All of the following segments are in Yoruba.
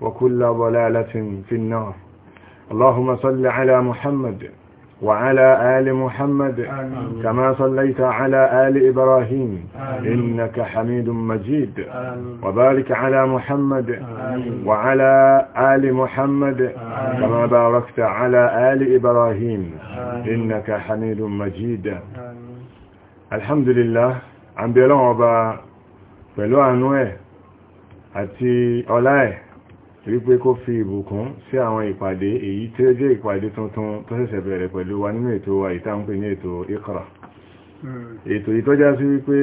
وكل ضلالة في النار اللهم صل على محمد وعلى آل محمد كما صليت على آل إبراهيم إنك حميد مجيد آمين. وبارك على محمد وعلى آل محمد كما باركت على آل إبراهيم إنك حميد مجيد الحمد لله عم بيلون وبا pẹ̀lú àánú ẹ̀ àti wípé kó fi ìbùkún sí àwọn ìpàdé èyí tí ó jẹ́ ìpàdé tuntun tó ṣẹ̀ṣẹ̀ bẹ̀rẹ̀ pẹ̀lú wa nínú ètò wa ìtàǹpé ní ètò Iqra hmm. ètò ìtọ́já sí wípé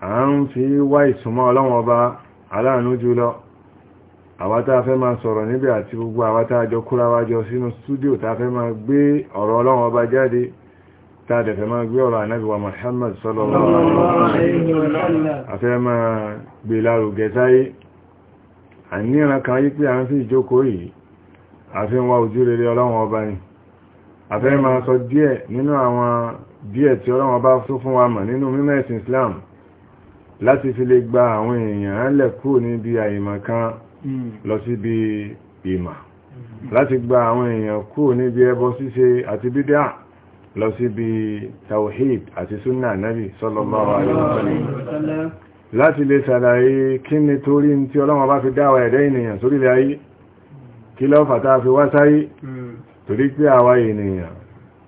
à ń fi wá ìsúnmọ́ ọlọ́wọ́n ọba aláàánú jùlọ àwátá fẹ́ máa sọ̀rọ̀ níbẹ̀ àti gbogbo àwátá àjọ kúrawájọ sínú stúdíò tá fẹ́ máa gbé ọ̀rọ̀ ọlọ́wọ́n ọba jáde tààdẹ̀ fẹ́ máa gbé ọ̀rọ̀ ànábì wa Muhammad sallallahu máa gbé lárugẹ sáyé àníyàn kan yí pé a ń fi ìjókòó yìí àfi ń wá ojú rere ọlọ́run ọba ni àfẹ́ máa sọ díẹ̀ nínú àwọn díẹ̀ tí ọlọ́run ọba tó fún wa mọ̀ nínú mímọ̀ ẹ̀sìn Islam láti fi lè gba àwọn èèyàn lẹ̀ kúrò níbi àìmọ̀ kan hmm. lọ síbi ìmọ̀ hmm. láti gba àwọn èèyàn kúrò níbi ẹbọ ṣíṣe àti bídá lọ síbi tawhid àti sunna nabi sallallahu alaihi wasallam láti lè ṣàlàyé kí ni torí tí ọlọ́wọ́ bá fi dáwà ẹ̀dẹ́ ènìyàn sórí ilẹ̀ ayé kí ló fà tá fi wá sáyé hmm. torí pé àwa ènìyàn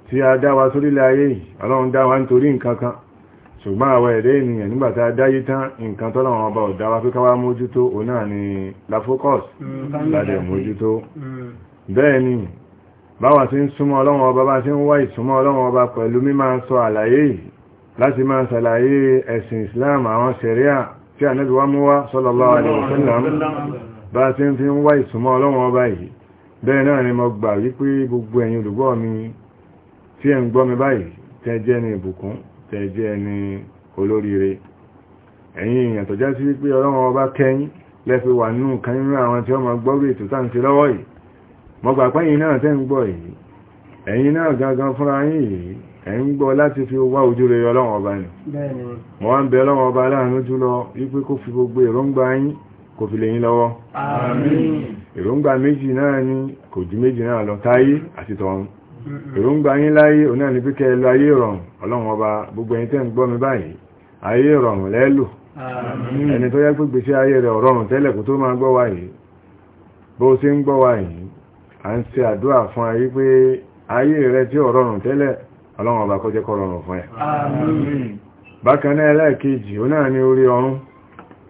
tí a dáwà sórí ilẹ̀ ayé yìí ọlọ́run dáwà nítorí nǹkan kan ṣùgbọ́n àwa ẹ̀dẹ́ ènìyàn nígbà dáyé tán nǹkan tọ́lọ́wọ́n ọba ọ̀dáwà la focus hmm. ládẹ̀ mójútó hmm. bẹ́ẹ̀ ni báwa ti ń súnmọ́ ọlọ́run ọba bá ti ń wá ìsúnmọ́ láti máa ṣàlàyé ẹ̀sìn islam àwọn sẹ̀ríà tí ànábì wa mú wá sallallahu alaihi wasallam bá ti ń fi ń wá ìsúnmọ́ ọlọ́wọ́n ọba yìí bẹ́ẹ̀ náà ni mo gbà wípé gbogbo ẹ̀yin olùgbọ́ mi tí ẹ̀ ń gbọ́ mi báyìí tẹ́ jẹ́ ni ìbùkún tẹ́ jẹ́ ni olóríire ẹ̀yin èèyàn ẹ̀ ń gbọ́ láti fi wá ojú rere ọlọ́run ọba ni mo wá ń bẹ ọlọ́run ọba aláàánú jùlọ wípé kó fi gbogbo èròǹgbà yín kò fi lè yín lọ́wọ́ èròǹgbà méjì náà ni kò ju méjì náà lọ táyé àti tọ̀run èròǹgbà yín láyé onáà ní pípẹ́ ayé ọlọ́run ọba gbogbo tẹ́ ń gbọ́ mi báyìí ayé lẹ́lò ẹni tó yẹ pé gbèsè ayé rẹ̀ ọ̀rọ̀rùn tẹ́lẹ̀ kó tó máa gbọ́ wa yìí bó ṣe ń gbọ́ wa yìí à ń ṣe àdúrà fún ọlọ́run ọba kó jẹ́ kó rọrùn fún ẹ bákan náà ẹlẹ́ẹ̀kejì ó náà ní orí ọ̀run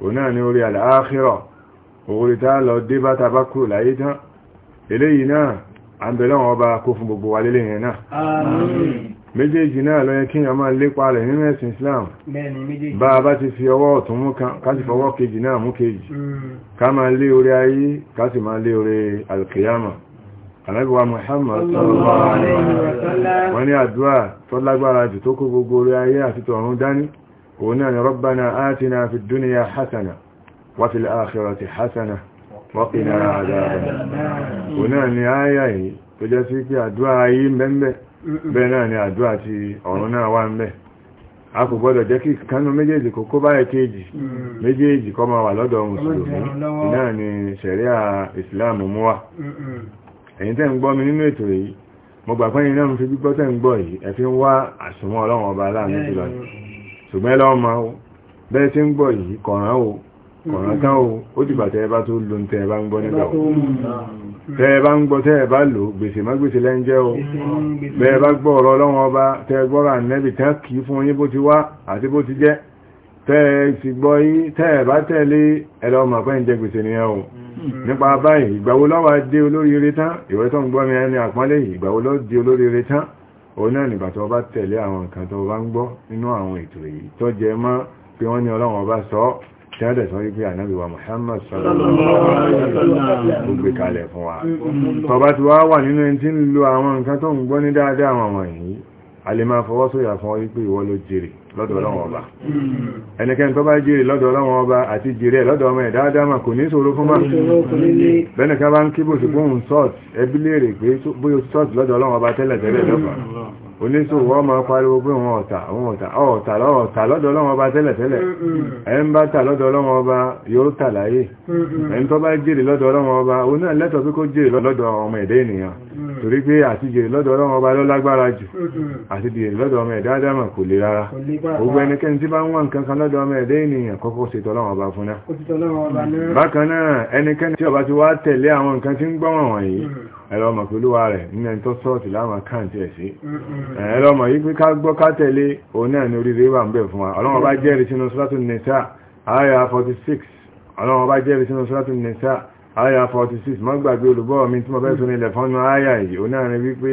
ó náà ní orí àlàáhírọ̀ orí tá lọ dé bá ta bá kúrò láyé tán eléyìí náà à ń bẹ lọ́wọ́ ọba kó fún gbogbo wa lélẹ̀ yẹn náà méjèèjì náà lọ àlẹ́gbẹ̀wà Muhammad sallallahu alaihi wasallam wọ́n ní àdúrà tó lágbára jù tó kó gbogbo orí ayé àti tọ̀run dání òun náà ni Rabbana atina fid dunya hasana wa fil akhirati hasana wa qina adhaban òun náà ni ayà yìí tó jẹ́ sí pé àdúrà ayé mẹ́mẹ́ bẹ́ẹ̀ náà ni àdúrà gbọ́dọ̀ jẹ́ kí kánú méjèèjì kò kó báyẹ̀ kéèjì hmm. méjèèjì kó máa wà lọ́dọ̀ mùsùlùmí hmm. náà ni ṣẹ̀ríà ìsìláàmù mú wá ẹ̀yin tẹ́ ń gbọ́ mi nínú ètò yìí mo gbà pẹ́yìn náà fi gbígbọ́ tẹ́ ń gbọ́ yìí ẹ fi ń wá àsùnmọ́ ọlọ́run ọba aláàánú tó lọ ṣùgbọ́n ẹ lọ́mọ o bẹ́ẹ̀ tí ń gbọ́ yìí kọ̀ọ̀rán o kọ̀ọ̀rán tán o ó dìgbà tẹ́ ẹ bá tó lo tẹ́ ẹ bá ń gbọ́ nígbà o tẹ́ ẹ bá ń gbọ́ tẹ́ ẹ bá lò gbèsè má gbèsè lẹ́ńjẹ́ o bẹ́ẹ̀ bá gbọ́ ọ̀rọ̀ ọlọ́run ọba tẹ́ ẹ tẹ́ ti gbọ́ yí tẹ́ bá tẹ́lé ẹ̀lọ ọmọ pẹ́ ń jẹ gbèsè ní ẹ̀hùn hmm. nípa báyìí ìgbàwó lọ́wà dé olóríire tán ìwẹ́ tó ń gbọ́ mi ẹni àpọ́nlé ìgbàwó lọ́ dé olóríire tán òun náà nígbà tó bá tẹ̀lé àwọn nǹkan tó bá ń gbọ́ nínú àwọn ètò èyí tó jẹ mọ́ pé wọ́n ní ọlọ́run ọba sọ tí wọ́n dẹ̀ wípé ànábì wa Muhammad sallallahu alaihi wasallam gbé kalẹ̀ fún wa tó bá ti wá wà nínú ẹni tí ń lo àwọn nǹkan tó ń gbọ́ ní dáadáa àwọn wọ̀nyí a lè máa fọwọ́sọ̀yà fún ọ wípé ìwọ ló jèrè lọ́dọ̀ ọlọ́wọ́n ọba ẹnikẹ́ni tó bá jèrè lọ́dọ̀ ọlọ́wọ́n ọba àti jèrè lọ́dọ̀ ọmọ ẹ̀dá dáma kò ní ṣòro fún bá bẹ́ẹ̀nìkan bá ń kíbò ṣùgbọ́n sọ́ọ̀tì ẹbí léèrè pé bóyá sọ́ọ̀tì lọ́dọ̀ ọlọ́wọ́n ọba tẹ́lẹ̀ tẹ́lẹ̀ lọ́fà oníṣòwò wọ́n máa pariwo pé wọ́n ọ̀tà wọ́n ọ̀tà ọ̀tà lọ́dọ̀ ọlọ́wọ́n ọba tẹ́lẹ̀ tẹ́lẹ̀ ẹ̀ ń bá tà lọ́dọ̀ ọlọ́wọ́n ọba yóò tà láyé ẹ̀ ń tọ́ bá jèrè lọ́dọ̀ ọlọ́wọ́n ọba òun náà lẹ́tọ̀ọ́ pé kó jèrè lọ́dọ̀ ọmọ ẹ̀dá ènìyàn mm. torí pé àti jèrè lọ́dọ̀ ọlọ́wọ́n ọba ló lágbára jù àti jèrè lọ́dọ̀ ọmọ ẹ̀dá ádámà kò le rárá gbogbo ẹnikẹ́ni tí bá ń wá nǹkan kan lọ́dọ̀ ọmọ ẹ̀dá ènìyàn kọ́kọ́ ṣètò ọlọ́wọ́n ọba fún bákan náà ẹnikẹ́ni tí ó ti wá tẹ̀lé àwọn nǹkan tí ń gbọ́wọ̀n wọ̀nyí ẹ̀rọ ọmọ pẹ̀lú wa rẹ̀ nínú ẹni tó sọ́ọ̀tì láwọn àkáǹtì ẹ̀ sí mm, mm, mm. ẹ̀rọ ọmọ yìí pé ká gbọ́ ká tẹ̀lé òun náà ní oríire wà ń bẹ̀ fún wa ọlọ́run bá jẹ́rìí sínú sọ́tún nìta àyà 46 ọlọ́run bá jẹ́rìí sínú sọ́tún nìta àyà 46 mọ́gbàgbé olùgbọ́ mi tí mo fẹ́ sọ nílẹ̀ fọ́nù àyà yìí òun náà ní wípé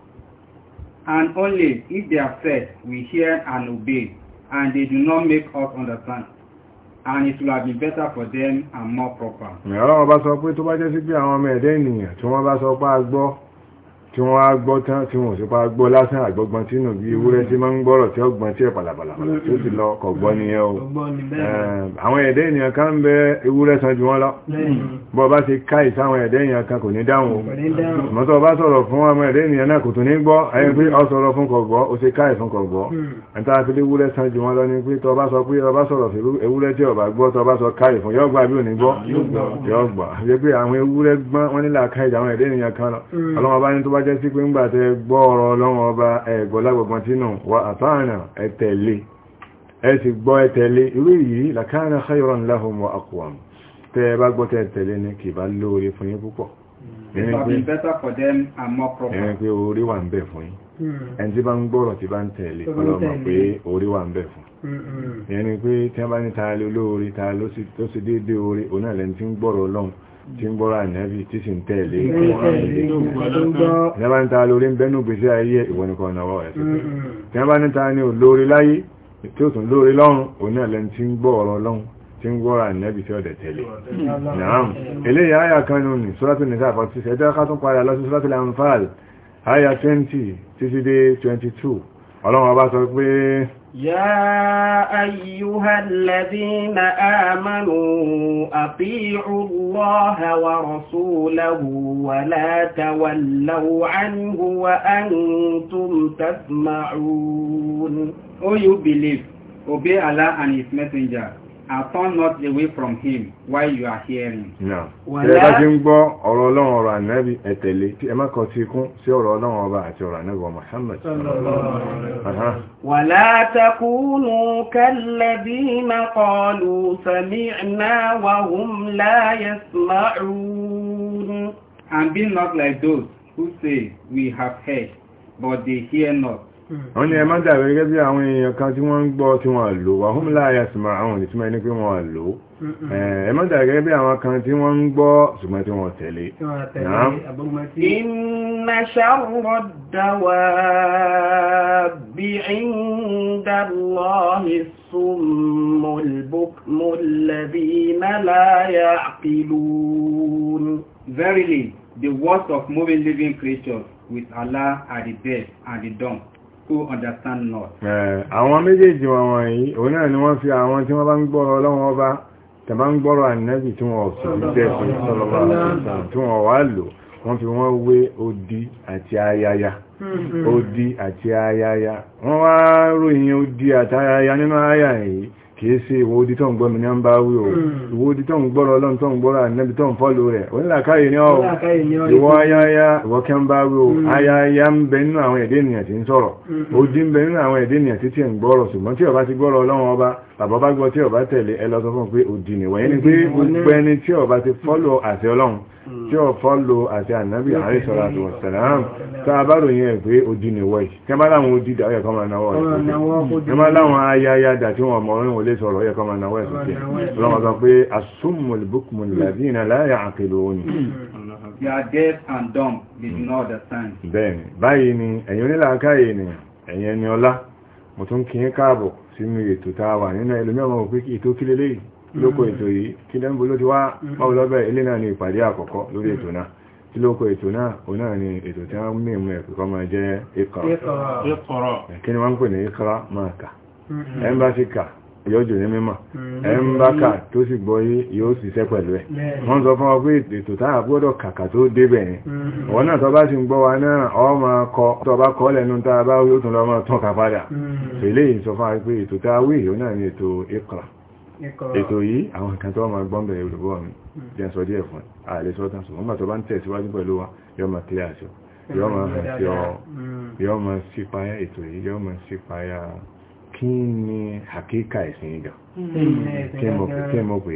and only if they are said we hear and obey, and they do not make us understand. And it will have been better for them and more proper. Ọlọ́run bá sọ pé tó bá jẹ́ sí pé àwọn ọmọ ẹ̀dẹ́ ènìyàn tí wọ́n bá sọ pé gbọ́ tí wọ́n á gbọ́ tán tí wọ́n sì pa gbọ́ lásán àgbọ́gbọ́n tí nù bí ewúrẹ́ tí máa ń gbọ́rọ̀ tí ọgbọ́n tí ẹ̀ pàlàpàlà tó sì lọ kọ̀gbọ́ nìyẹn o àwọn ẹ̀dẹ́ ènìyàn kan ń bẹ ewúrẹ́ san jù wọ́n lọ bọ́ bá ti ká ìsá àwọn ẹ̀dẹ́ ènìyàn kan kò ní dáhùn o mọ́tọ́ bá sọ̀rọ̀ fún àwọn ẹ̀dẹ́ ènìyàn náà kò tún ní gbọ́ ẹni pé mm-hmm. ọ sọ̀rọ̀ fún kọ̀gbọ́ o ti ká ìfún kọ̀gbọ́ hmm. ẹ̀ta fi lé ewúrẹ́ san jù wọ́n lọ ni pé tọ́ bá sọ pé ọ bá sọ̀rọ̀ fún ewúrẹ́ tí ọba gbọ́ tọ́ bá sọ ká ìfún yọ́ gbà bí ò ní gbọ́ yọ́ gbà àti pé àwọn ewúrẹ́ gbọ́n wọ́n nílà ká ìjà àwọn ẹ̀dẹ́ ènìyàn kan lọ hmm. ọlọ́mọba ní tó bá jẹ́ sí pé ńgbà tẹ́ gbọ́ ọ̀rọ̀ ọlọ́run ọba ẹ̀gbọ́ lágbọ̀gbọ́n tínú wa àtàrà ẹ̀tẹ̀lé ẹ sì gbọ́ ẹ̀tẹ̀lé irú yìí làkàrà khayran lahum wa aqwam tẹ́ bá gbọ́ tẹ̀tẹ̀lé ní kì bá lóore fún tí ń bọ́ra ànábì tí sì ń tẹ̀lé ìjọba ń ta lórí ń bẹ́nu gbèsè ayé ìwọ̀nìkan ọ̀nàwọ̀ ẹ̀sẹ̀ tí wọ́n bá ní ta ní olórí láyé tí ó tún lórí lọ́run òun náà lẹ́ni tí ń gbọ́ ọ̀rọ̀ lọ́run tí ń gbọ́ra ànábì tí ó dẹ̀ tẹ̀lé nàám mm-hmm. eléyìí àyà kan nù ní suratul nisa fọ́tíṣẹ́ ẹjọ́ ká tún padà lọ ọlọ́run ọba sọ pé yá ayyuhalladhina amanu ati'u Allaha wa rasulahu wa la tawallaw anhu wa antum tasma'un. Oh, you believe, obey Allah and his messenger and turn not away from him while you are hearing. Ṣé bá ti ń gbọ́ ọ̀rọ̀ ọlọ́run ọ̀rọ̀ ànábì ẹ tẹ̀lé tí ẹ má kọ sí ikún sí ọ̀rọ̀ ọlọ́run ọba àti ọ̀rọ̀ ànábì Muhammad. Wala takunu kalladhina qalu sami'na wa hum la yasma'un. And be not like those who say we have heard but they hear not wọ́n ní ẹmọ́ dàbẹ̀ gẹ́gẹ́ bí àwọn èèyàn kan tí wọ́n ń gbọ́ tí wọ́n lò wà hún láàyà sí máa àwọn ìtumọ̀ ní pé wọ́n lò ẹmọ́ dàbẹ̀ gẹ́gẹ́ bí àwọn kan tí wọ́n ń gbọ́ ṣùgbọ́n tí wọ́n tẹ̀lé Inna sharra dawabi inda Allahi summul bukmul ladhina la ya'qilun Verily, the worst of moving living creatures with Allah are the deaf and the dumb who understand not. àwọn méjèèjì wọn wọ̀nyí òun náà ni wọ́n fi àwọn tí wọ́n bá ń gbọ́rọ̀ ọlọ́wọ́n ọba tàbá ń gbọ́rọ̀ ànábì tí wọ́n fi jẹ́ fún sọ́lọ́wọ́ tí wọ́n wá lò wọ́n fi kìí ṣe ìwọ odi tó ń gbọ́ mi ní ọmọ bá wí o hmm. ìwọ odi tó ń gbọ́rọ̀ ọlọ́run tó ń gbọ́rọ̀ ànẹ́bí tó ń fọ́lù rẹ̀ onílàkáyè ní ọ́ ìwọ ayáyá ìwọ kí ń bá wí o hmm. ayáyá ń bẹ nínú àwọn ẹ̀dẹ́ ènìyàn tí ń sọ̀rọ̀ hmm. odi ń bẹ nínú àwọn ẹ̀dẹ́ ènìyàn tí tí ń gbọ́rọ̀ ṣùgbọ́n tí ọba ti gbọ́rọ̀ ọlọ́run ọba bàbá bá gbọ́ tí ọba tẹ̀lé ẹ lọ sọ fún pé òdì nìwọ̀ yẹn ni pé gbogbo ẹni tí ọba ti fọ́lọ̀ àṣẹ ọlọ́run tí ó fọ́lọ̀ àṣẹ ànábì àríṣọ́ra àti wọ̀sẹ̀láàmù tá a bá ròyìn ẹ̀ pé òdì nìwọ̀ yìí kí wọ́n láwọn odi dà ọ̀yẹ̀ kan máa náwó ọ̀yẹ̀ kí wọ́n bá láwọn ayáyá dà tí wọ́n mọ̀ ọ́rùn wọlé lè sọ̀rọ̀ yẹ kọ́mọ náwó ẹ̀sùn kí ọlọ́wọ́ sọ pé asúmùl bukmun ladina la ya'qilun They are deaf and dumb, they do not understand. bẹ́ẹ̀ni báyìí ni ẹ̀yin onílàákàyè ènìyàn ẹ̀yin ẹni ọlá mo tún kí ń káàbọ̀ sínú ètò tá a wà nínú ẹlòmíràn òpin kí ètò kílé léyìí lóko ètò yìí kí lẹ́m̀bó ló ti wá báwo lọ́bẹ̀ ilé náà ni ìpàdé àkọ́kọ́ lórí ètò náà tí lóko ètò náà o náà ni ètò tí wọ́n mímú ẹ̀kù kọ́ máa jẹ́ ìkọ̀rọ̀ kí ni wọ́n ń pè ní ìkọ̀rọ̀ máa kà ẹ̀mbásíkà yóò jò ní mímọ̀ mm-hmm. ẹ ń bá kà tó sì gbọ́ yóò ṣiṣẹ́ pẹ̀lú ẹ̀ wọ́n sọ fún ọ pé ètò táà gbọ́dọ̀ kàkà tó débẹ̀ yẹn mm-hmm. ọ̀wọ́n náà tó bá sì ń gbọ́ wa náà ọ máa kọ kọ́ lẹ́nu tá a bá yóò tún lọ máa tún kà padà tẹ̀lé mm-hmm. yìí sọ fún wa pé ètò tá a wí yóò náà ní ètò ìkọ̀rọ̀ ètò yìí àwọn kan tó máa gbọ́n bẹ̀rẹ̀ olùgbọ́ mi jẹ́ sọ díẹ̀ fún àlè sọ́tàn kí ni àkíkà ìsìn gan kí mo pè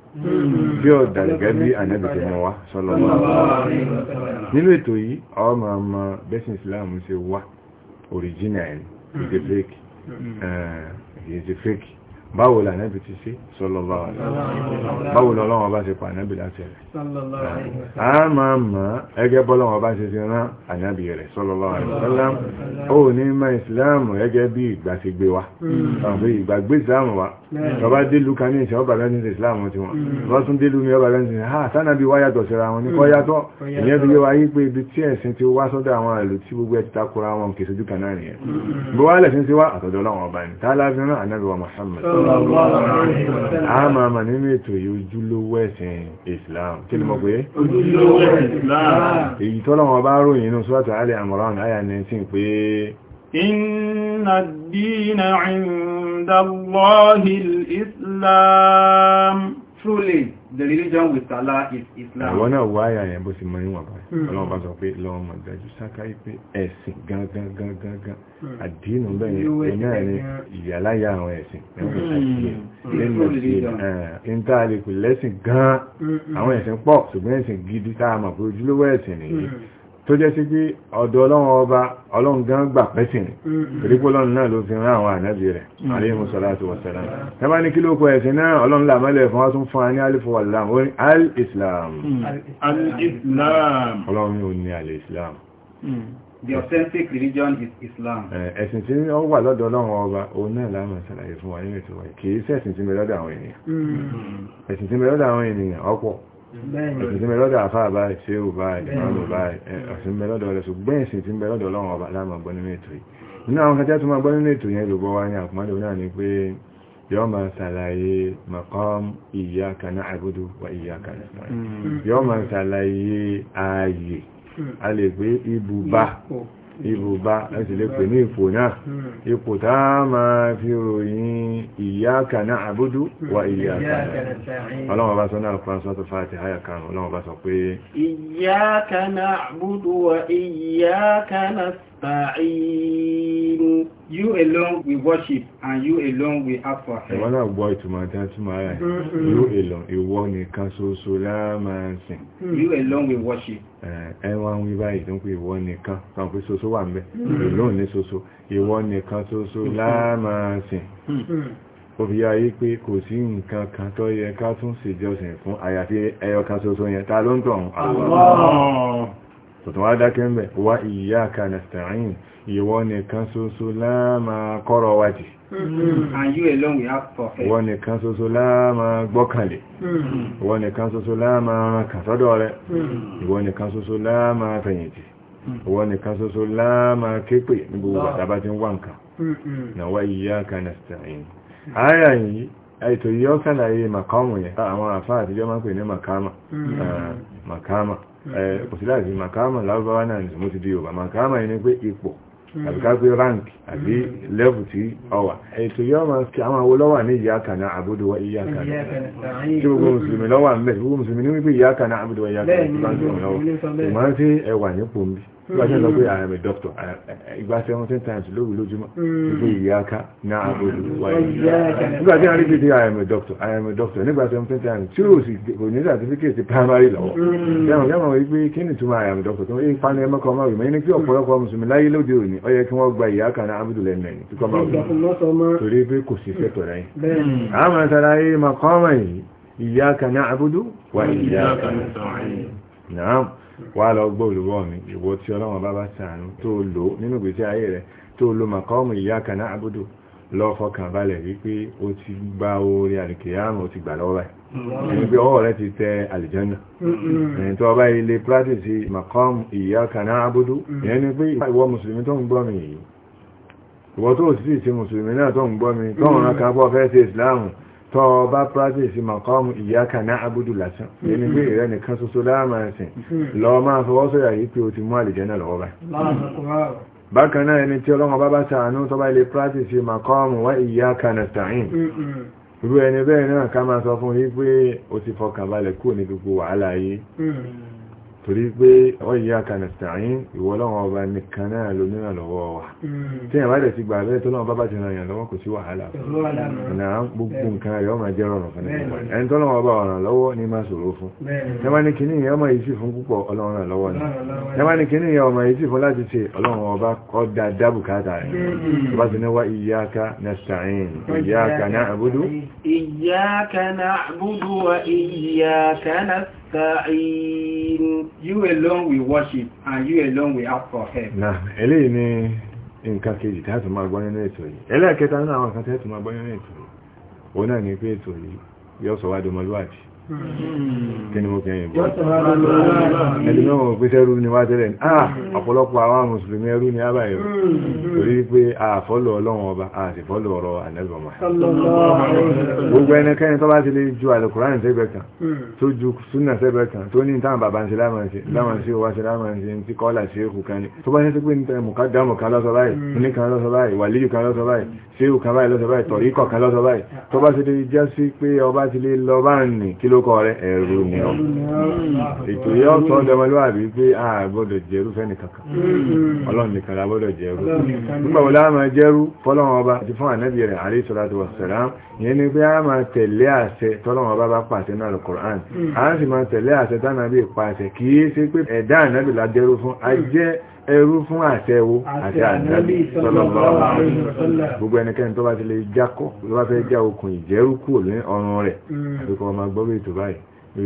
bí ọ̀dà gẹ́gẹ́ bí ànábì tó mọ́ wá sallallahu alaihi wasallam nínú ètò yìí ọmọ ọmọ bẹ́sìn islam ṣe wá original ìdè fake ìdè fake báwo la ànábì ti ṣe sallallahu alaihi wasallam báwo lọ lọ́wọ́ bá ṣe pa ànábì láti rẹ̀ a máa mọ̀ ẹgẹ́ bọ́ lọ́wọ́ bá ṣe ti rán ànábì rẹ̀ sallallahu alaihi wasallam ó ní mọ́ islam gẹ́gẹ́ bí ìgbàsígbé wa hmm. ìgbàgbé islam wa ọba délù kan ní ìṣẹ́ ọba lẹ́sìn ìsìláàmù ti wọn ọba hmm. tún délù mi ọba ah, lẹ́sìn ha sánàbí wá yàtọ̀ síra wọn ní kọ́ hmm. yàtọ̀ ìyẹn fi yé wa yí pé ibi tí ẹ̀sìn ti wá sọ́dọ̀ àwọn ìlú tí gbogbo ẹ̀ ti takora wọn kì í sojú kan náà nìyẹn hmm. bó wá lẹ̀sìn ti wá Muhammad a máa mà nínú ètò yìí ojúlówó ẹ̀sìn Islam kí ni mo pé ojúlówó ẹ̀sìn Islam èyí tọ́lọ́run ọba ròyìn inú sọ́tà Al-Imran àyà إن الدين عند الله الإسلام Truly, the religion with Allah is Islam. Àwọn náà wá ayà yẹn bó sì mọ́ níwọ̀n báyìí. Hmm. Ọlọ́run bá sọ pé lọ́wọ́ mọ̀ dájú sáká ipé ẹ̀sìn gangan gangan gan. Hmm. Àdínú bẹ́ẹ̀ ẹ̀nà ni ìyàláyà àwọn ẹ̀sìn. Hmm. Ẹ̀sìn tá a lè pè lẹ́sìn gan. Àwọn ẹ̀sìn pọ̀ ṣùgbọ́n ẹ̀sìn gidi tá a mọ̀ pé ojúlówó ẹ̀sìn nìyí tó jẹ́ sí pé ọ̀dọ̀ ọlọ́run ọba ọlọ́run gan gbà pẹ́sìn ìrípò mm-hmm. ọlọ́run náà ló fi rán àwọn ànábì rẹ̀ mm-hmm. alayhimu salatu wassalam ẹbá ní kí ló kọ mm-hmm. the authentic religion is Islam ẹ̀sìn tí ó wà lọ́dọ̀ ọlọ́run ọba òun náà láàmà ṣàlàyé fún wa nínú ẹ̀sìn mẹ́lọ́dọ̀ àfáà báyìí ṣe ò báyìí ìmọ̀lò báyìí ẹ̀sìn mẹ́lọ́dọ̀ rẹ̀ ṣùgbọ́n ẹ̀sìn tí mẹ́lọ́dọ̀ lọ́wọ́ ọba láàmà gbọ́ nínú ètò yìí nínú àwọn kẹjá tó máa gbọ́ nínú ètò yẹn lòbọ́ wá ní àpọ́nlẹ̀ náà ni pé yọ́ máa ṣàlàyé maqam iyyaka na'budu wa iyyaka nasta'in hmm. yọ́ máa ṣàlàyé ààyè hmm. a lè pé ibùbá ibùbá a sì lè pè ní hmm. ipò náà ipò tá a máa fi ròyìn ìyáka náà àbúdú wà ìyáka ọlọ́wọ́ bá sọ náà fún sọ́tọ̀ fàtí àyà kan ọlọ́wọ́ bá sọ pé ìyáka náà àbúdú wà ìyáka nasta'in you alone we worship and you alone we ask for help ìwọ́n náà gbọ́ ìtumọ̀ tí a túnmọ̀ mm-hmm. you alone ìwọ nìkan ṣoṣo la máa you alone we worship ẹwà wí báyìí tó ń pè ìwọ nìkan kan pé ṣoṣo wà mẹ́ ìlóòn ní ṣoṣo ìwọ nìkan ṣoṣo láàmàsìn ó fi yáyé pé kò sí nǹkan kan tó yẹ ká tún ṣèjọsìn fún àyàfi ẹyọ kan ṣoṣo yẹn ta ló ń tọ̀ tọ̀tọ̀ wá dákẹ́ ń bẹ̀ wá iyyaka nasta'in ìwọ nìkan ṣoṣo láàmà kọ́rọ̀ wájì Mm-hmm. and you alone we have prophet. wọ́n nìkan ṣoṣo láàmà gbọ́kànlé mm-hmm. wọ́n nìkan ṣoṣo láàmà kàtọ́dọ̀ rẹ̀ mm-hmm. wọ́n nìkan ṣoṣo láàmà fẹ̀yìntì wọ́n kan soso láàmà képè ní gbogbo tí ń wà nǹkan na wá iyyaka nasta'in makama makama ah, eh, kò sí láti makama lábábá náà mo ti makama yìí ni pé Mm. àbí ká pé rank àbí mm. level tí ọwà ètò yọ́ máa kí àwọn awó lọ́wà ní iyyaka na'budu wa iyyaka nasta'in tí gbogbo mùsùlùmí lọ́wà mẹ́ gbogbo ń sọ̀rọ̀ gbáṣẹ́ lọ pé hmm. I am a doctor ìgbáṣẹ́ wọn ten times lóru lójúmọ́ ìgbé ìyáká ní àbòdù wáyé nígbà tí a rí pété I am a doctor I am a doctor nígbàṣẹ́ wọn ten times tí ó sì kò ní certificate primary lọ́wọ́ yàmọ̀ yàmọ̀ wípé kí ni túmọ̀ I am a doctor tó ń pa ní ẹmọ́ kan márùn-ún ẹni kí ọ̀pọ̀lọpọ̀ mùsùlùmí láyé lóde òní ó yẹ kí wọ́n gba ìyáká ní àbòdù lẹ́nu ẹni tó kọ́ márùn-ún torí pé kò sí fẹ́tọ̀ rẹ̀ yìí ìyáká ní náà wà lọ gbọ́ olùwọ́ mi ìwọ tí ọlọ́run bá bá sàánú tó lò nínú ìgbésí ayé rẹ̀ tó lò màkọ́ọ̀mù iyyaka na'budu lọ fọkàn balẹ̀ wípé o ti gba orí àlìkèyàmù o ti gbà lọ́wọ́ báyìí mm-hmm. ẹni pé ọwọ́ rẹ̀ ti tẹ àlìjánà mm-hmm. ẹni tó ọba ilé practice màkọ́ọ̀mù iyyaka na'budu mm-hmm. ìyẹn ni pé ìwọ mùsùlùmí tó ń gbọ́ mi ìwọ tó sì sí mùsùlùmí náà tó ń gbọ́ mi tó ń rákà bọ́ fẹ́ sí tọ́ bá practice maqam iyyaka na'budu lásán mm-hmm. ẹni pé ìrẹ́ nìkan ṣoṣo láàmà sìn mm-hmm. lọ máa fọwọ́ sọ̀yà yìí pé o ti mú àlìjẹ́nà lọ́wọ́ báyìí bákan náà ẹni tí ọlọ́run bá bá sàánú tọ́ bá ilé practice maqam wa iyyaka nasta'in mm-hmm. irú ẹni bẹ́ẹ̀ náà ká máa sọ fún yí pé o ti fọkàn balẹ̀ kúrò ní gbogbo wàhálà yìí torí pé ọ yíya kan ẹ̀sìn ìwọ lọ́wọ́ ọba nìkan náà ló nínà lọ́wọ́ wa hmm. tí ẹ̀wà rẹ̀ ti gbà bẹ́ẹ̀ tó náà bábá ti ràn yàn lọ́wọ́ kò sí wàhálà ọ̀nà gbogbo nǹkan yọ máa jẹ́ rọrùn fún ẹni tó lọ́wọ́ ọba ọ̀ràn lọ́wọ́ ní máa ṣòro fún ẹmà ní kìíní yẹn ọmọ yìí sì fún púpọ̀ ọlọ́run ràn lọ́wọ́ ni ẹmà ní kìíní yẹn ọmọ yìí sì fún láti ṣe ọlọ́run ọba kọ́ da dábùkátà rẹ̀ tó bá ti ní wá iyyaka nasta'in iyyaka na'budu iyyaka na'budu wa iyyaka nasta'in nasta'in you alone we worship and you alone we ask for help na eléyìí ni nǹkan kejì tí a tún máa gbọ́ nínú ètò yìí ẹlẹ́ẹ̀kẹta nínú àwọn nǹkan tí a tún máa gbọ́ nínú ètò yìí òun náà ni pé ètò yìí yóò sọ wá di Hmm. kí ni mo fi ẹ̀yìn bọ́ ẹni náà wọ́n pèsè ẹrú ni wá tẹ́lẹ̀ ní ah, àà ọ̀pọ̀lọpọ̀ àwọn mùsùlùmí ẹrú ni àbáyé rẹ̀ hmm. torí pé àfọ́lọ̀ ọlọ́run ọba àti fọ́lọ̀ ọ̀rọ̀ ànẹ́gbọ̀mọ̀ gbogbo ẹnikẹ́ni tó bá ti lè ju àlùkùránì sẹ́gbẹ̀ kan hmm. tó ju súnà sẹ́gbẹ̀ kan tó ní táwọn bàbá ń ṣe lámàṣe wá ṣe lámàṣe ti kọ́là sí èkù kan ní tó bá ṣe pé níta mùká dámù kan lọ́sọ báyìí ní kan lọ́sọ báyìí wàlíyù kan lọ́sọ báyìí ṣéwù kan báyìí lọ́sọ báyìí tọ̀ ikọ̀ kan lọ́sọ ti ló kọ rẹ ẹ̀rù ni ọ ètò yẹ ọ̀sán ọ̀dọ́mọlúwàbí pé a gbọ́dọ̀ jẹ́rú fẹ́ni kankan mm. ọlọ́run nìkan la gbọ́dọ̀ jẹ́rú nígbà wo la máa jẹ́rú fọlọ́run ọba àti fún ànábì rẹ̀ alayhi salatu wassalam ìyẹn ni pé a máa tẹ̀lé àṣẹ tọ́lọ́run ọba bá pàṣẹ náà Al-Qur'an mm. a sì máa tẹ̀lé àṣẹ tánàbí pàṣẹ kì í ṣe pé ẹ̀dá ànábì la jẹ́rú fún ajẹ́ ẹrú fún àṣẹwó àti ànábì sallallahu alaihi wasallam gbogbo ẹnikẹ́ni tó bá ti lè jákọ́ tó bá fẹ́ já okùn ìjẹ́rú kúrò ní ọrùn rẹ̀ mm. àbíkọ́ ọmọ gbọ́rọ̀ ètò báyìí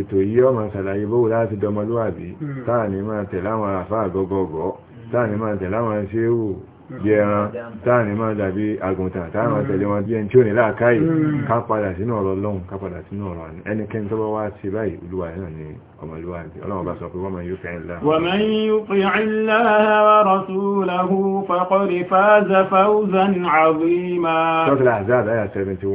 ètò yìí ọmọ ṣàlàyé bówó láti dọmọlúwàbí mm. táà ní máa tẹ̀láwọn àfáà gọ́gọ́gọ́ táà ní máa tẹ̀láwọn ṣéwù bí ẹran táàní máa dàbí àgùntàn táà máa tẹ̀lé wọn bí ẹni tí ó ní láàkáyì hmm. ká padà sínú ọ̀rọ̀ lọ́hùn ká padà sínú ọ̀rọ̀ ẹnikẹ́ni tó bá wá sí báyìí olúwa náà ni ọmọlúwàbí ọlọ́run bá sọ pé wọ́n máa yóò fẹ́ẹ́ ńlá. wọ́n máa yóò fi ìlà wa rasulahu faqad faza fawzan azima. sọ́kìlá azab ayà seventy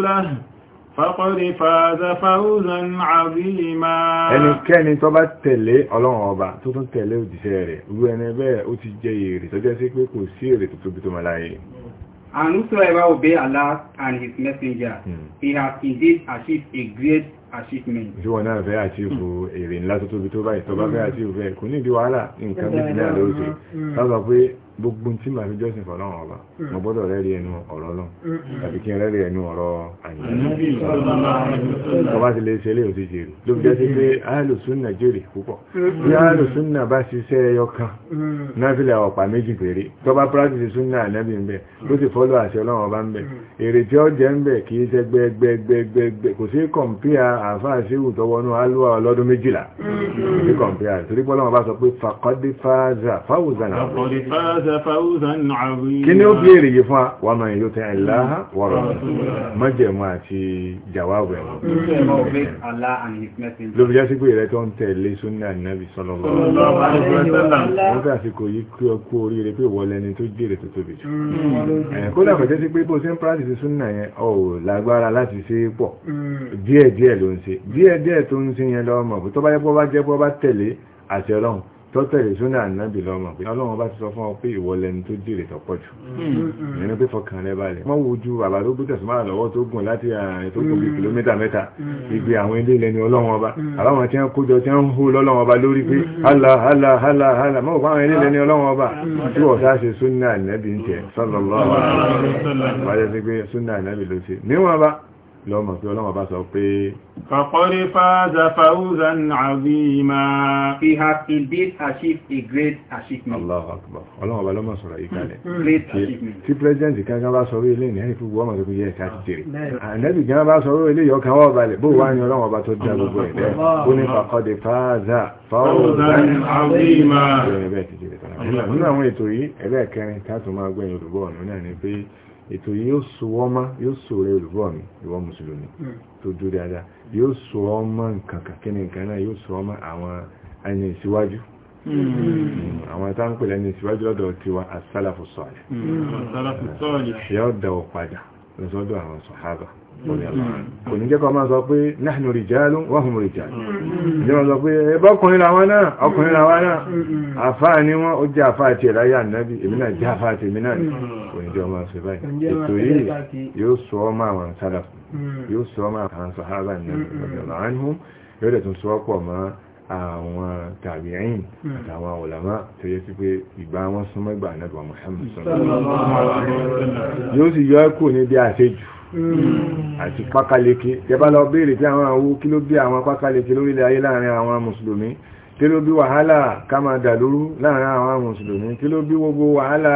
one faqad faza fawzan azima. ẹnikẹ́ni tó bá tẹ̀lé ọlọ́run ọba tó tún tẹ̀lé òjíṣẹ́ rẹ̀ irú ẹni bẹ́ẹ̀ ó ti jẹ èrè tó jẹ́ sí pé kò sí èrè tó tóbi tó máa láyé. And whosoever obey Allah and his messenger, hmm. he has indeed achieved a great achievement gbogbo tí màá fi jọ́sìn fọ́ lọ́wọ́ ọba hmm. mo gbọ́dọ̀ rẹ́rí ẹnu ọ̀rọ̀ lọ tàbí hmm. kí n rẹ́rí ẹnu ọ̀rọ̀ àyìnbó ọba ti lè ṣe ilé òsì jèrè ló fi jẹ́sí pé alùsùnà jèrè púpọ̀ hmm. bí alùsùnà bá ṣiṣẹ́ ẹyọ kan náfìlà ọ̀pá méjì péré tó bá pírátìsì súnà ànábì ń bẹ tó sì fọ́lọ́ àṣẹ ọlọ́wọ́ ọba ń bẹ èrè tí ó jẹ́ ń bẹ kì í ṣe gbẹgbẹgbẹgbẹ kò sí kọ̀m̀pìà àfáà sí ìwùtọ́wọ́nú alúwa ọlọ́dún méjìlá kò sí kọ̀m̀pìà torí pé Ọlọ́run bá sọ pé fàkọ́dífáàzà فاز فوزا عظيما kí ni ó béèrè yìí fún wa wa man yuti Allah wa rasulahu májẹ̀mú àti jawabu ẹ̀ ló fi jásí pé ìrẹ́ tó ń tẹ̀lé súnà nàbì sallallahu alaihi wasallam wọ́n fẹ́ àsìkò yìí kí ọ kú oríire pé ìwọlẹ̀ ni tó jèrè tó tóbi jù mm. kódà kò jásí pé láti ṣe é pọ̀ mm. díẹ̀díẹ̀ ló ń ṣe díẹ̀díẹ̀ tó ń ṣe yẹn lọ́mọ̀ tó bá jẹ́ bọ́ bá tẹ̀lé àti ọlọ́run tọ́tẹ̀lẹ̀ súnà ànábì lọ́mọ pé ọlọ́run bá ti sọ fún ọ pé ìwọ lẹni tó jèrè tọ́pọ̀ jù hmm. ẹni pé fọkàn rẹ balẹ̀ wọ́n wojú bàbá tó gbé tẹ̀sán máa lọ́wọ́ tó gùn láti àárín tó gùn bí hmm. kìlómítà mẹ́ta hmm. ìgbé àwọn ilé lẹni ọlọ́run ọba àbáwọn tí wọ́n kójọ tí wọ́n ń hó lọ́lọ́run ọba lórí pé hálà hálà hálà hálà mọ́ òkú àwọn ilé lẹni ah. ọlọ́run ọba tí wọ́n sáà ṣe súnà ànábì ń tẹ̀ sọ́lọ́lọ́ lọ́mọ̀ tí ọlọ́mọ̀ bá sọ pé faqad faza fawzan azima he has indeed achieved a great achievement ọlọ́mọ̀ bá lọ́mọ̀ sọ̀rọ̀ ìkàlẹ̀ hmm. great achievement tí president kankan bá sọ orí ilé ìyẹn fún gbọ́mọ̀ tó yẹ ká ti tèrè ànẹ́bì kan bá sọ orí ilé wọ́n balẹ̀ bó wá hmm. ní ètò yìí yóò so ọ́ mọ́ yóò so rẹ olùbọ̀ mi ìwọ mùsùlùmí hmm. tó dúró dáadáa yóò so ọ́ mọ́ nǹkan kàkínní nǹkan náà yóò so ọ́ mọ́ àwọn ẹni ìsíwájú hmm. hmm. àwọn atáǹpẹ̀ lẹ́ni ìsíwájú lọ́dọ̀ tiwa asálàfù sọ̀lẹ̀ yóò dà ọ́ padà lọ́sọ́dọ̀ àwọn sọ̀hábà kò ní jẹ́ kó máa sọ pé nahnu rijalun wa hum rijal jẹ́ máa sọ pé ẹbọ́ ọkùnrin làwọn náà ọkùnrin làwọn náà àfáà ni wọ́n ó jẹ́ àfáà ti ẹ̀láyà náàbí èmi náà jẹ́ àfáà ti èmi náà kò ní jẹ́ ọmọ ṣe báyìí ètò yìí yóò sọ ọmọ àwọn sálàf yóò sọ ọmọ àwọn sàhábà náà àti pákáleke tẹ́bá lọ béèrè tí àwọn àwọ kí ló bí àwọn pákáleke lórílẹ̀ ayé láàrin àwọn mùsùlùmí kí ló bí wàhálà ká máa dà lóru láàrin àwọn mùsùlùmí kí ló bí gbogbo wàhálà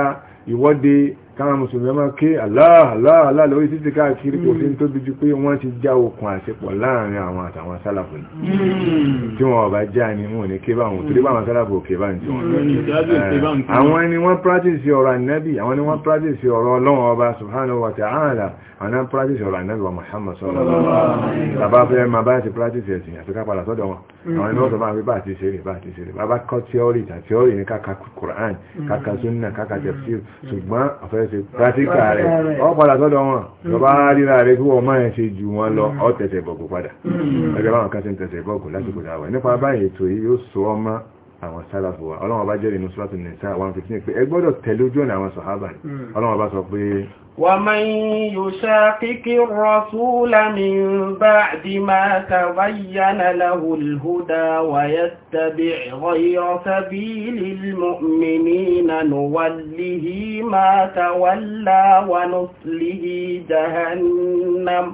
ìwọ́de káwọn mùsùlùmí máa ké Allah Allah Allah lórí títí káàkiri kò sí tó dojú pé wọ́n ti já okùn àṣepọ̀ láàrin àwọn àtàwọn sálàfù ní hmm. tí wọ́n ọba já ní mú ní ké báwọn torí báwọn sálàfù òkè bá ní tí hmm. wọ́n àwọn ni wọ́n practice ọ̀rọ̀ ànábì àwọn ni wọ́n practice ọ̀rọ̀ ọlọ́run ọba subhanahu wa ta'ala àwọn practice ọ̀rọ̀ ànábì wa Muhammad sallallahu alaihi wasallam bàbá fẹ́ máa bá ti practice ẹ̀sìn àti ká padà sọ́dọ̀ wọn hmm. àwọn ẹni wọ́n sọ fún bá ti ṣe rè bá ti ṣe rè bàbá kọ́ tíọ́rì tàtíọ́rì ní káka Qur'an káka sunna káka tafsir ṣùgbọ́n ọ̀fẹ́ fẹ́ ṣe pàtíkà rẹ̀ ọ padà sọ́dọ̀ wọn lọ́ba ríra rẹ̀ kí wọ́n máa ṣe jù wọn lọ ọ mm. tẹ̀sẹ̀ bọ̀gù padà mm. ẹgbẹ́ báwọn kan ṣe ń tẹ̀sẹ̀ bọ̀gù lásìkò dáwọ̀ nípa báyìí ètò yìí yóò sọ ọmọ àwọn sálàfò wa ọlọ́wọ́n bá jẹ́rìí nù sọ́tún nìsa 115 pé ẹ gbọ́dọ̀ tẹ̀lé ojú ọ̀nà àwọn sọ̀hábà mm. ọlọ́wọ́n bá sọ pé ومن يشاقق الرسول من بعد ما تبين له الهدى ويتبع غير سبيل المؤمنين نوله ما تولى ونصله جهنم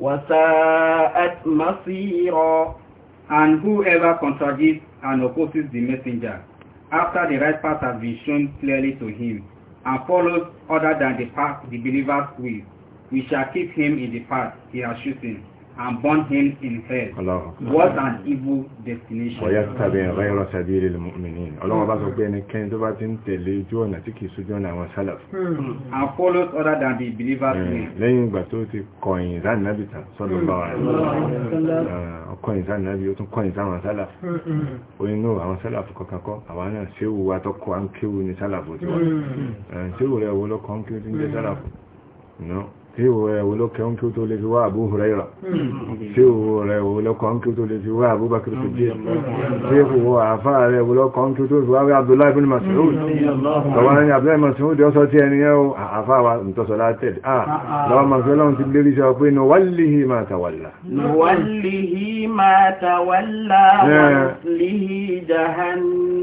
وساءت مصيرا And whoever contradicts and opposes the messenger, after the right path has been shown clearly to him, and follows other than the path the believers will. We shall keep him in the path he has chosen and burn him in hell. What an evil destination. Ọ̀yá tàbí ẹ̀rọ ẹ̀rọ tàbí ilé mọ̀mìnì. Ọlọ́run bá sọ pé ẹnikẹ́ni tó bá ti ń tẹ̀lé ojú ọ̀nà tí kìí sójú ọ̀nà àwọn sálà. Hmm. And follow other than the believers way. Hmm. Lẹ́yìn ìgbà tó ti kọ̀yìn sáànàbì tán sọ́dọ̀ bá wa rẹ̀. Ọkọ̀yìn sáànàbì ó tún kọ̀yìn sáwọn sálà. Hmm, ó ní náà àwọn sálà fún kankan kọ́. Àwa náà ṣéwù wa tọ́kọ̀ à ń kéwù ní sálà fún tiwa. Eh, ṣéwù rẹ̀ wo lọ́kọ̀ ń kéwù tí ń jẹ́ sálà fún? sí òwúrẹ̀ wo ló kẹun kí ó tó lè fi wá Abu Huraira sí hmm. òwúrẹ̀ wo ló kọ́ kí ó tó lè fi wá Abu Bakr Siddiq sí òwò àfá rẹ̀ wo ló kọ́ kí ó tó fi wá Abdullahi bin Mas'ud lọ́wọ́ ní Abdullahi Mas'ud yóò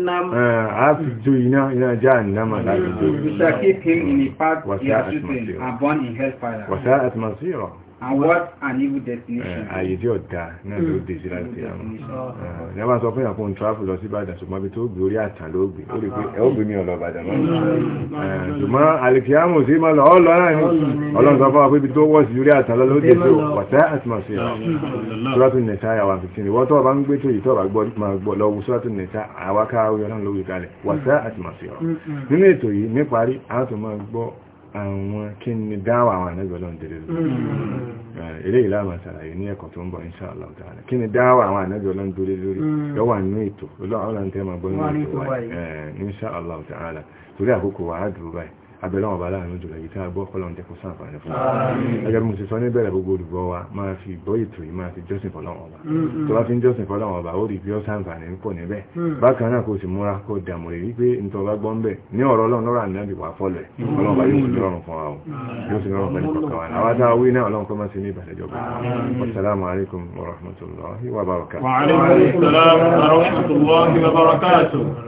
jahannam. Eh, a fi jó iná iná jahannam láti jó. we shall keep him in a path he has chosen and born in hellfire. wàsá àtìmọ̀sí and what an evil destination. àyè eh, tí ọ̀dà náà ló hmm. dé sí láti àwọn eh, ìyá bá sọ fún ìyàpọ̀ travel lọ sí Ìbàdàn ṣùgbọ́n bí tó gbé orí àtà ló gbé ó rí pé ẹ ó gbé mi ọ̀lọ́ Ìbàdàn mọ́ hmm. eh, ṣùgbọ́n àlìkíyàmù sí máa lọ ọ lọ náà hmm. ọlọ́run sọ fún wa pé ibi tó wọ̀ sí orí àtà lọ ló dé sí wọ̀tá àti màá sí ẹ̀ sọ́dọ̀tún nẹ̀ta àwa fìtì ni wọ́n tó bá ń gbé tó yìí tó bá gbọ́ lọ́wọ́ sọ́dọ̀tún nẹ̀ta àwa káwé ọlọ́run ló wí àwọn kí ni dáwà àwọn ànábìọ́lọ́ dèrè lórí mm. eré ìlànà àṣàlàyé ní ẹ̀kọ́ tó ń bọ̀ insha Allah ta'ala kí ni dáwà àwọn ànábìọ́lọ́ dèrè lórí lọ́wà nínú ètò ọlọ́run tẹ́ máa gbọ́ nínú ètò wa insha Allah torí àkókò wa á dúró báyìí abẹ́lẹ́ ọ̀bá láàrin òjò lẹ́yìn tí a gbọ́ kọ́lọ̀ ń jẹ́ kó sàǹfààní fún wa ẹgbẹ́ mo ti sọ ní bẹ̀rẹ̀ gbogbo olùgbọ́ wa máa fi gbọ́ ètò yìí máa fi jọ́sìn fọ́lọ́run ọba mm-hmm. tó bá fi ń jọ́sìn fọ́lọ́run ọba ó rí bí ó sàǹfààní pọ̀ níbẹ̀ mm. bákan náà kò sì múra kó dààmú rẹ̀ wípé nítorí ọba gbọ́ ń ní ọ̀rọ̀ ọlọ́run